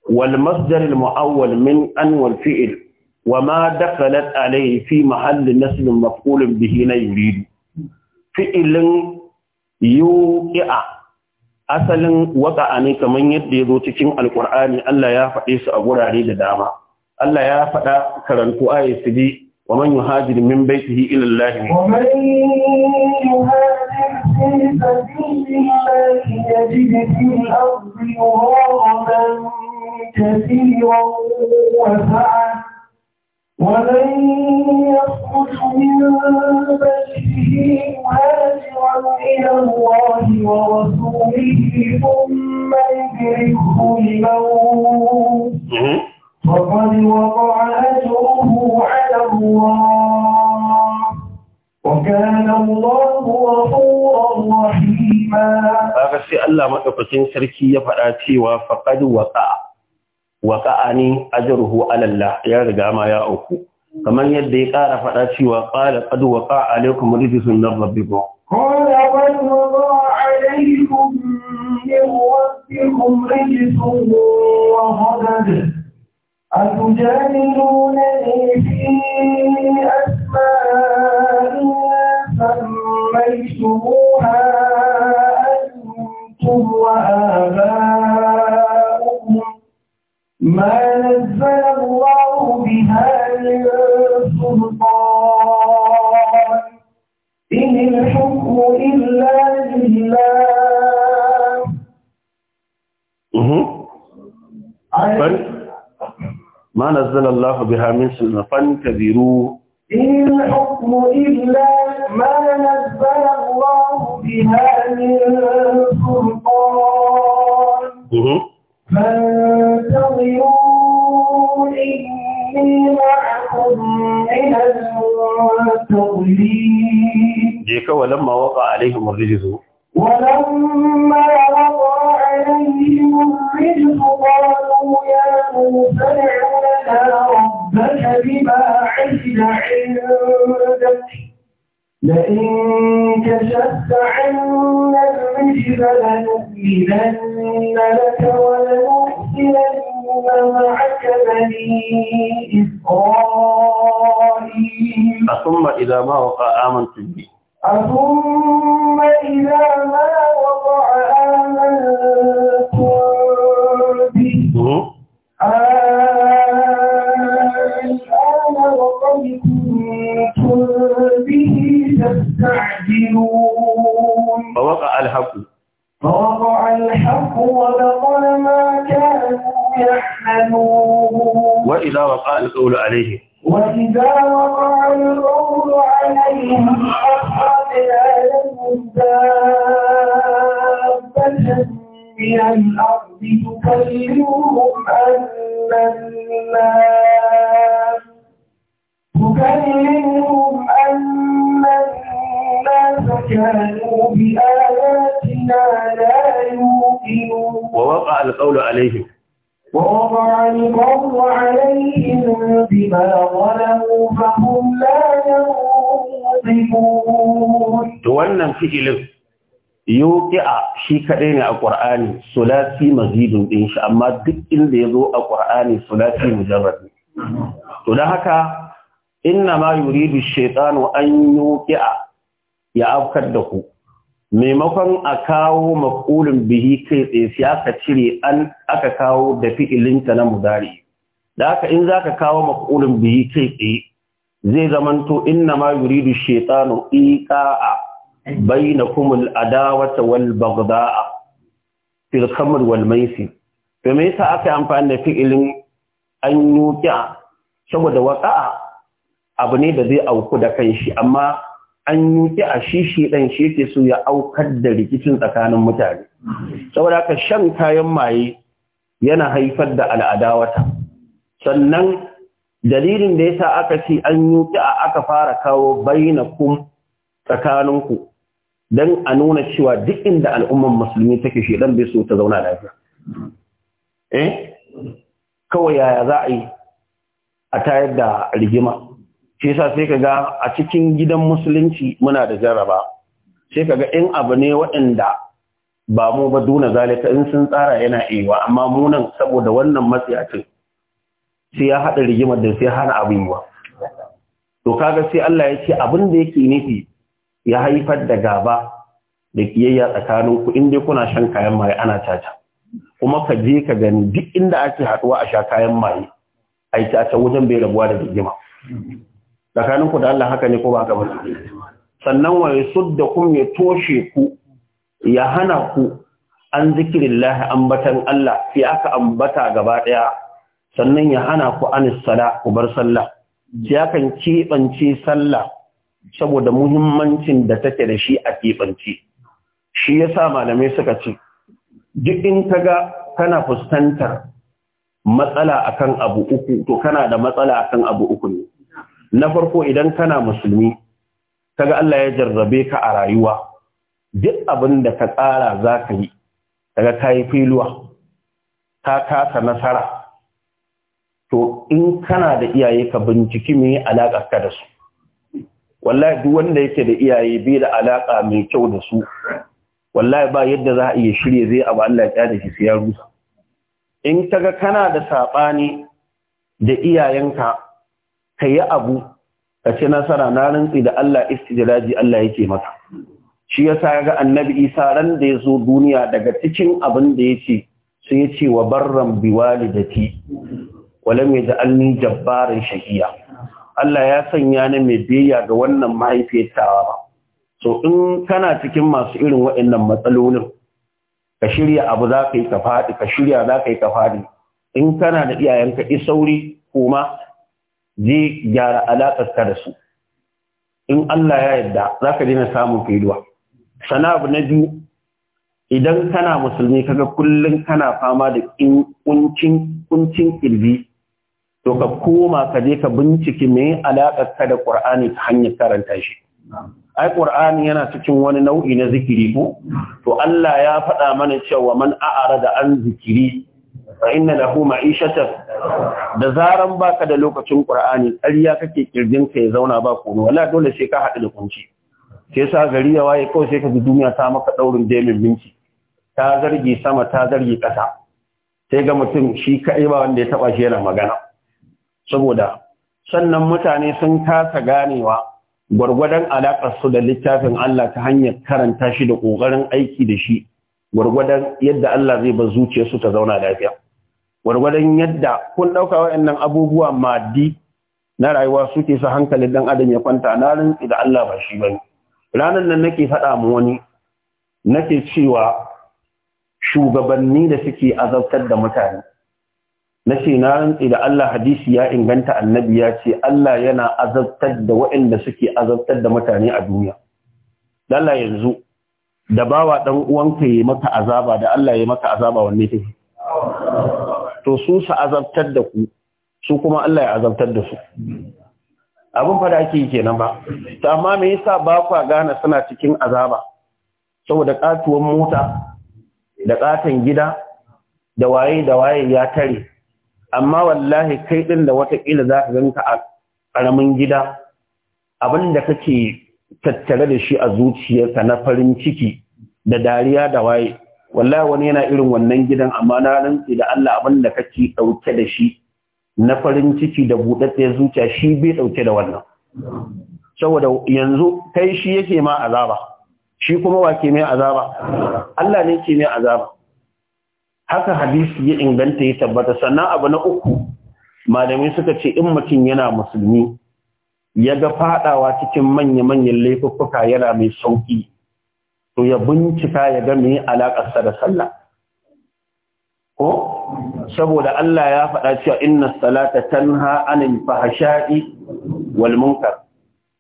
والمصدر المؤول من أن والفئل وما دخلت عليه في محل نسل مفعول به لا يريد فعل يوقع asalin وقع ne kamar yadda ya zo cikin alkur'ani Allah ya faɗe su a gurare da dama Allah ya faɗa karantu ayi su bi wa man yuhajir min baitihi ila Allah wa man yuhajir fi sabilillahi yajid fi al-ardi ومن يخرج من بيته مهاجرا الى الله ورسوله ثم يدركه الموت فقد وقع اجره على الله وكان الله غفورا رحيما. هذا الشيء الله ما فاتي وفقد وقع. wa ka'ani ajruhu ala Allah ya riga ma ya auku kamar yadda ya ƙara faɗa cewa qala qad waqa alaykum rijsun min rabbikum qala qad waqa alaykum wa ما نزل الله بها من سلطان إن الحكم إلا لله ما نزل الله بها من سلطان كبيرو إن الحكم إلا ما نزل الله بها من سلطان Je kawai lamma waka a laihin marijin su. Walamma waka a laihin marijin su ba ya musamman da rabbar ka bi ba a shi da ɗin لئن كشفت عنا الرجل لنؤمنن لك ولنرسلن معك بني إسرائيل ثم إذا ما وقع آمنت به ثم إذا ما وقع آمنت الحق ووقع الحق وبطل ما كانوا يحملون وإذا وقع القول عليهم وإذا وقع القول عليهم أخرجنا لهم دابة من الأرض تكلمهم أن الناس تكلمهم ووقع القول عليهم ووضع القول عليهم بما ظلموا فهم لا ينطقون تولنا فعل يوقع شي كدين القرآن ثلاثي مزيد إن شاء الله دك إن يزو القرآن ثلاثي مجرد to إنما يريد الشيطان أن يوقع ya afkar da ku maimakon a kawo maƙulin bihi kai tsaye sai aka cire an aka kawo da fi'ilinta na mudari da haka in zaka kawo maƙulin bihi kai tsaye zai zamanto inna ma yuridu shaytanu iqa'a bainakum al-adawata wal baghda'a fil khamr wal maisir to me yasa aka amfani da fi'ilin an yuqa saboda waqa'a abu ne da zai auku da kanshi amma an yuki a shi ɗan shi ke so ya aukar da rikicin tsakanin mutane saboda haka shan kayan maye yana haifar da al'ada wata. sannan dalilin da ya sa aka ce an yuki a aka fara kawo kun tsakaninku don a nuna cewa duk inda al'umman musulmi take shi dan bai so ta zauna lafiya eh kawai yaya za a yi a tayar da rigima shi yasa sai kaga a cikin gidan musulunci muna da jaraba sai kaga in abu ne waɗanda ba mu ba duna zalika in sun tsara yana iya amma mu nan saboda wannan matsayacin sai ya haɗa rigimar da sai hana abin yiwa to kaga sai Allah ya ce abin da yake nufi ya haifar da gaba da kiyayya tsakanin ku dai kuna shan kayan maye ana caca kuma ka je ka gani duk inda ake haɗuwa a sha kayan maye a yi caca wajen bai rabuwa da rigima tsakanin ku da Allah haka ne ko ba haka sannan wa yusudda kum ya toshe ku ya hana ku an zikirillahi ambatan Allah fi aka ambata gaba daya sannan ya hana ku an sala ku bar sallah ya kan keɓance sallah saboda muhimmancin da take da shi a keɓance shi yasa malamai suka ce duk in ka ga kana fuskantar matsala akan abu uku to kana da matsala akan abu uku ne na farko idan kana musulmi kaga Allah ya jarrabe ka a rayuwa duk abin da ka tsara za ka yi daga ka yi filuwa ka kasa nasara to in kana da iyaye ka binciki mai alaƙa ka da su wallahi duk wanda yake da iyaye bai da alaƙa mai kyau da su wallahi ba yadda za a iya shirye zai abu Allah ya da shi sai ya rusa in kaga kana da saɓani da iyayenka ka yi abu ka ce nasara na rantsi da Allah istijiraji Allah yake maka shi yasa ga annabi Isa ran da ya zo duniya daga cikin abin da ya yace sai yace wa barran bi walidati ya lam yaj'alni jabbaran shahiya Allah ya sanya ni mai biyayya ga wannan mahaifiyatawa so in kana cikin masu irin waɗannan matsalolin ka shirya abu za ka yi ka faɗi ka shirya za ka yi ka faɗi in kana da iyayenka isauri kuma je gyara alaƙar ka da su in Allah ya yarda za ka daina samun kaiduwa sana abu na biyu idan kana musulmi kaga kullum kana fama da kuncin ƙirji to ka koma ka je ka bincike me alaƙar ka da ƙur'ani ta hanyar karanta shi ai ƙur'ani yana cikin wani nau'i na zikiri ko to Allah ya faɗa mana cewa man da an zikiri fa inna lahu ma'ishata da zaran baka da lokacin qur'ani ƙarya kake kirjin ka ya zauna ba kono wala dole sai ka haɗu da kunci sai sa gari ya waye kawai sai ka ji duniya ta maka ɗaurin dailin binci ta zargi sama ta zargi ƙasa sai ga mutum shi kaɗai ba wanda ya taɓa shi yana magana saboda sannan mutane sun kasa ganewa gwargwadon su da littafin Allah ta hanyar karanta shi da ƙoƙarin aiki da shi gwargwadon yadda Allah zai ba zuciyarsu ta zauna lafiya. gwargwadon yadda kun ɗauka waɗannan abubuwa maddi na rayuwa suke sa hankali dan adam ya kwanta na rantsi da Allah ba shi bane ranar nan nake faɗa mu wani nake cewa shugabanni da suke azabtar da mutane nace na rantsi da Allah hadisi ya inganta annabi ya ce Allah yana azabtar da waɗanda suke azabtar da mutane a duniya Allah yanzu da bawa dan uwanka yi maka azaba da Allah yi maka azaba wanne take to su su azabtar da ku su kuma Allah ya azabtar da su abin fada ake yi kenan ba ta amma me yasa ba ku gane suna cikin azaba saboda katuwan mota da katan gida da waye da waye ya tare amma wallahi kai din da watakila za ka ganka a karamin gida abin da kake tattare da shi a zuciyarka na farin ciki da dariya da waye wallahi wani yana irin wannan gidan amma na rantsi da Allah abin da kake dauke da shi na farin ciki da buɗaɗɗiyar zuciya shi bai dauke da wannan saboda yanzu kai shi yake ma azaba shi kuma wa mai azaba Allah ne ke mai azaba haka hadisi ya inganta ya tabbata sannan abu na uku malamai suka ce in mutum yana musulmi ya ga fadawa cikin manya-manyan laifuffuka yana mai sauki to ya bincika ya ga me alaƙarsa da sallah ko saboda Allah ya faɗa cewa inna salata tanha anil fahsha'i wal munkar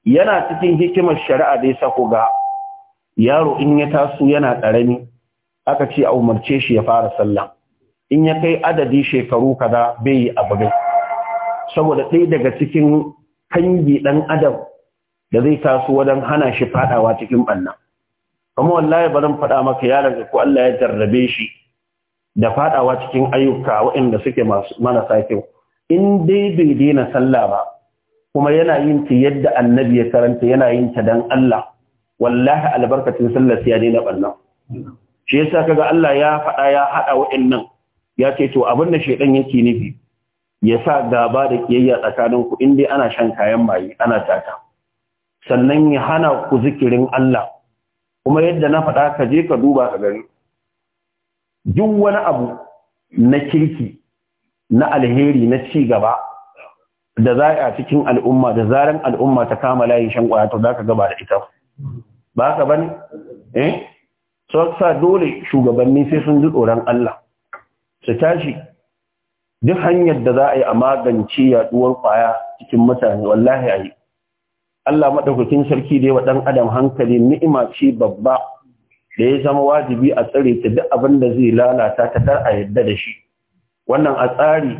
yana cikin hikimar shari'a da sako ga yaro in ya taso yana karami aka ce a umarce shi ya fara sallah in ya kai adadi shekaru kaza bai yi abu gai saboda ɗaya daga cikin hangi ɗan adam da zai taso wajen hana shi fadawa cikin ɓanna kuma wallahi barin faɗa maka yaron ko Allah ya jarrabe shi da faɗawa cikin ayyuka waɗanda suke marasa kyau in dai bai daina sallah ba kuma yana yin ta yadda annabi ya karanta yana yin ta dan Allah wallahi albarkacin sallar ya daina ballan shi yasa kaga Allah ya faɗa ya haɗa waɗannan ya ce to abin da shedan yake nufi ya sa gaba da kiyayya tsakanin ku in dai ana shan kayan maye ana tata sannan ya hana ku zikirin Allah kuma yadda na faɗa ka je ka duba ka gani duk wani abu na kirki na alheri na ci gaba da za a cikin al'umma da zaren al'umma ta kama layin shan kwaya to za ka gaba da ita ba ka ba ne? eh? so sa dole shugabanni sai sun ji tsoron Allah su tashi duk hanyar da za a yi a magance yaduwar kwaya cikin mutane wallahi a yi Allah madaukakin sarki da yawa ɗan adam hankali ni'ima ce babba da ya zama wajibi a tsare ta duk abin da zai lalata ta kar a yadda da shi wannan a tsari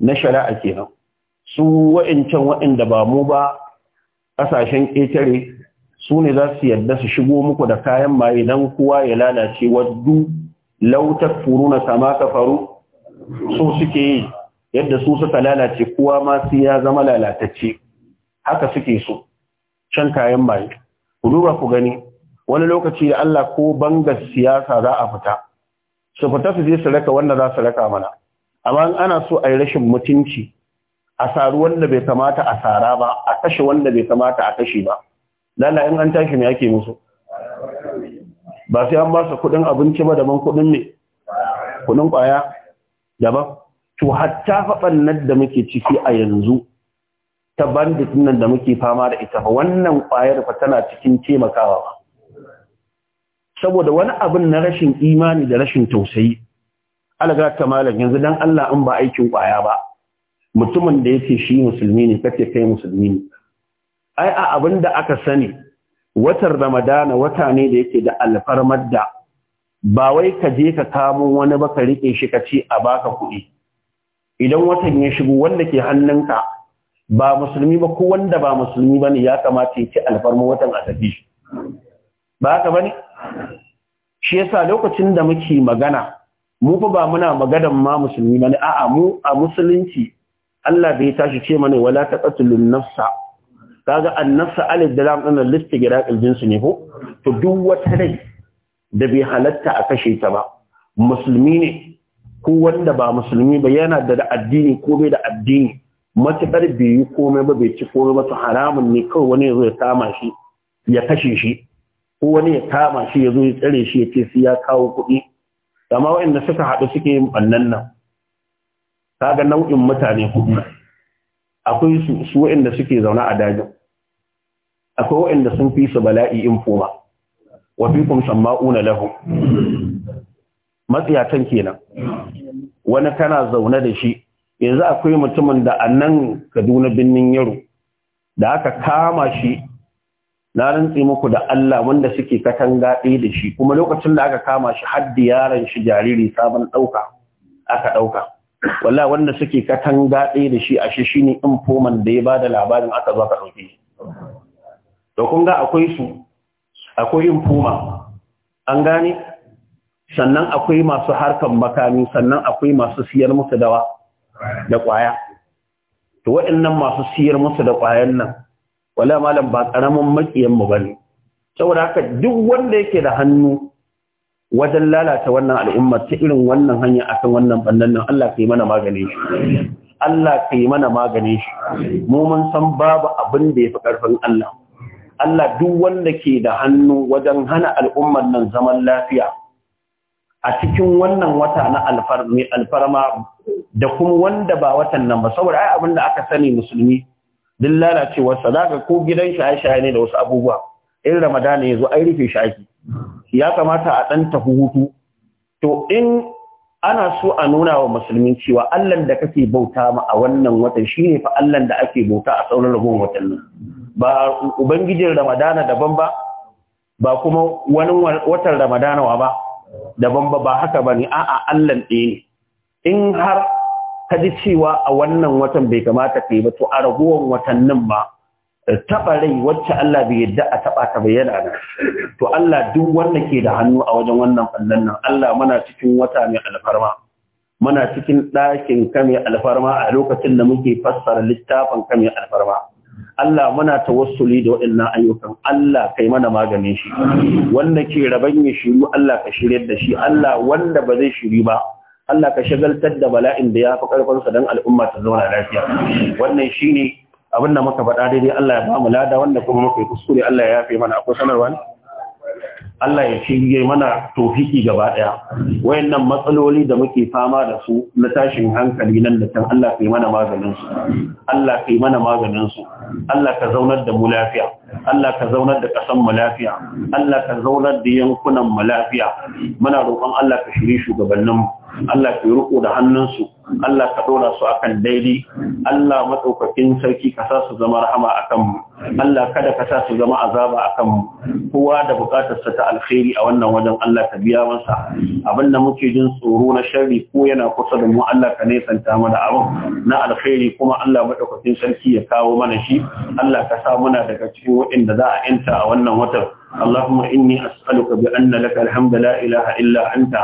na shari'a kenan su wa'incan wa'inda ba mu ba ƙasashen ƙetare su ne za su yadda su shigo muku da kayan maye don kowa ya lalace waddu lautar furu na sama kafaru su suke yi yadda su suka lalace kowa ma sai ya zama lalatacce haka suke so shan kayan maye ku duba ku gani wani lokaci da Allah ko banga siyasa za a fita su fita su je su raka wanda za su raka mana amma ana so a yi rashin mutunci a saru wanda bai kamata a sara ba a kashe wanda bai kamata a kashe ba lalla in an tashi me yake musu ba sai an ba su kudin abinci ba daban kudin ne kudin kwaya daban to hatta faɗannan da muke ciki a yanzu ta bandit nan da muke fama da ita ba wannan ƙwayar fa tana cikin taimakawa ba saboda wani abin na rashin imani da rashin tausayi alaga malam yanzu dan Allah in ba aikin ƙwaya ba mutumin da yake shi musulmi ne kace kai musulmi ne ai a abin da aka sani watar ramadana wata ne da yake da alfarmar da ba wai ka je ka kamo wani ba ka rike shi ka ce a baka kuɗi idan watan ya shigo wanda ke hannunka ba musulmi ba ko wanda ba musulmi ba ne ya kamata ya ci alfarma watan asabi ba haka ba ne shi yasa lokacin da muke magana mu fa ba muna maganan ma musulmi ba ne a'a mu a musulunci Allah bai tashi ce mana wala ta taqatulun nafsa kaga annafsa alif da lam din listigraq su ne ko to duk wata rai da bai halatta a kashe ta ba musulmi ne ko wanda ba musulmi ba yana da addini ko bai da addini matuƙar bai yi komai ba bai ci komai ba to haramun ne kawai wani ya zo ya kama shi ya kashe shi ko wani ya kama shi ya zo ya tsare shi ya ce sai ya kawo kuɗi amma waɗanda suka haɗu suke yin ɓannan nan kaga nau'in mutane kuɗi. akwai su su waɗanda suke zaune a dajin akwai waɗanda sun fi su bala'i in fuma wa fikum sama'una lahu matsiyatan kenan wani kana zaune da shi yanzu akwai mutumin da a nan kaduna birnin yaro da aka kama shi na rantse muku da Allah wanda suke katanga ɗaya da shi kuma lokacin da aka kama shi haddi yaron shi jariri sabon ɗauka aka ɗauka walla wanda suke katanga ɗaya da shi a shi shine infoman da ya ba da labarin aka zo aka ɗauke shi da kun ga akwai su akwai infoma an gane sannan akwai masu harkan makami sannan akwai masu siyar musu dawa da ƙwaya to waɗannan masu siyar musu da ƙwayan nan wala malam ba ƙaramin makiyan mu bane saboda haka duk wanda yake da hannu wajen lalata wannan al'umma ta irin wannan hanya akan wannan bannan nan Allah kai mana maganin shi Allah kai mana maganin shi mu mun san babu abin da yafi ƙarfin Allah Allah duk wanda ke da hannu wajen hana al'ummar nan zaman lafiya a cikin wannan wata na alfarma da kuma wanda ba watan nan ba saboda ai abin da aka sani musulmi duk lalacewar sadaka ko gidan shaye-shaye ne da wasu abubuwa in ramadana ya zo ai rufe shaki ya kamata a ɗan tafi hutu to in ana so a nuna wa musulmin cewa allan da kake bauta ma a wannan watan shine fa allan da ake bauta a sauran watan nan. ba ubangijin ramadana daban ba ba kuma wani watan ramadana wa ba daban ba ba haka ba ne a'a Allah ɗaya ne in har ka ji cewa a wannan watan bai kamata ka yi ba to a ragowar watannin ba taɓa rai wacce Allah bai yadda a taɓa ta bayyana nan to Allah duk wanda ke da hannu a wajen wannan fannin nan Allah muna cikin wata mai alfarma muna cikin ɗakin ka mai alfarma a lokacin da muke fassara littafin ka mai alfarma Allah muna tawassuli da waɗannan ayyukan Allah kai mana maganin shi wanda ke raban ya shiru Allah ka shiryar da shi Allah wanda ba zai shiru ba Allah ka shagaltar da bala'in da ya fi ƙarfinsa don al'umma ta zauna lafiya wannan shine abin da muka faɗa daidai Allah ya ba mu lada wanda kuma muka yi kuskure Allah ya yafe mana akwai sanarwa ne. Allah ya shirye mana tofiki gaba ɗaya wayannan matsaloli da muke fama da su na tashin hankali nan da can Allah kai mana maganin su Allah kai mana maganin su Allah ka zaunar da mu lafiya Allah ka zaunar da ƙasan mu lafiya Allah ka zaunar da yankunan mu lafiya muna roƙon Allah ka shirye shugabannin mu Allah ka riko da hannunsu Allah ka dora su akan daidai Allah madaukakin sarki ka sa su zama rahama akan mu Allah kada ka sa su zama azaba akan mu kowa da bukatarsa ta alkhairi a wannan wajen Allah ka biya masa abinda muke jin tsoro na sharri ko yana kusa da mu Allah ka nesanta mana abin na alkhairi kuma Allah madaukakin sarki ya kawo mana shi Allah ka sa muna daga cikin waɗanda za a yanta a wannan watan اللهم إني أسألك بأن لك الحمد لا إله إلا أنت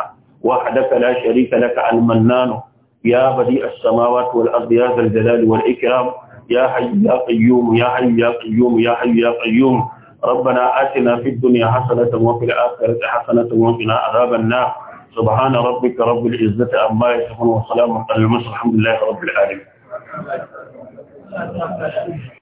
وحدك لا شريك لك المنان يا بديع السماوات والأرض يا ذا الجلال والإكرام يا حي يا قيوم يا حي يا قيوم يا حي يا قيوم ربنا آتنا في الدنيا حسنة وفي الآخرة حسنة وقنا عذاب النار سبحان ربك رب العزة عما يصفون وسلام على المرسلين الحمد لله رب العالمين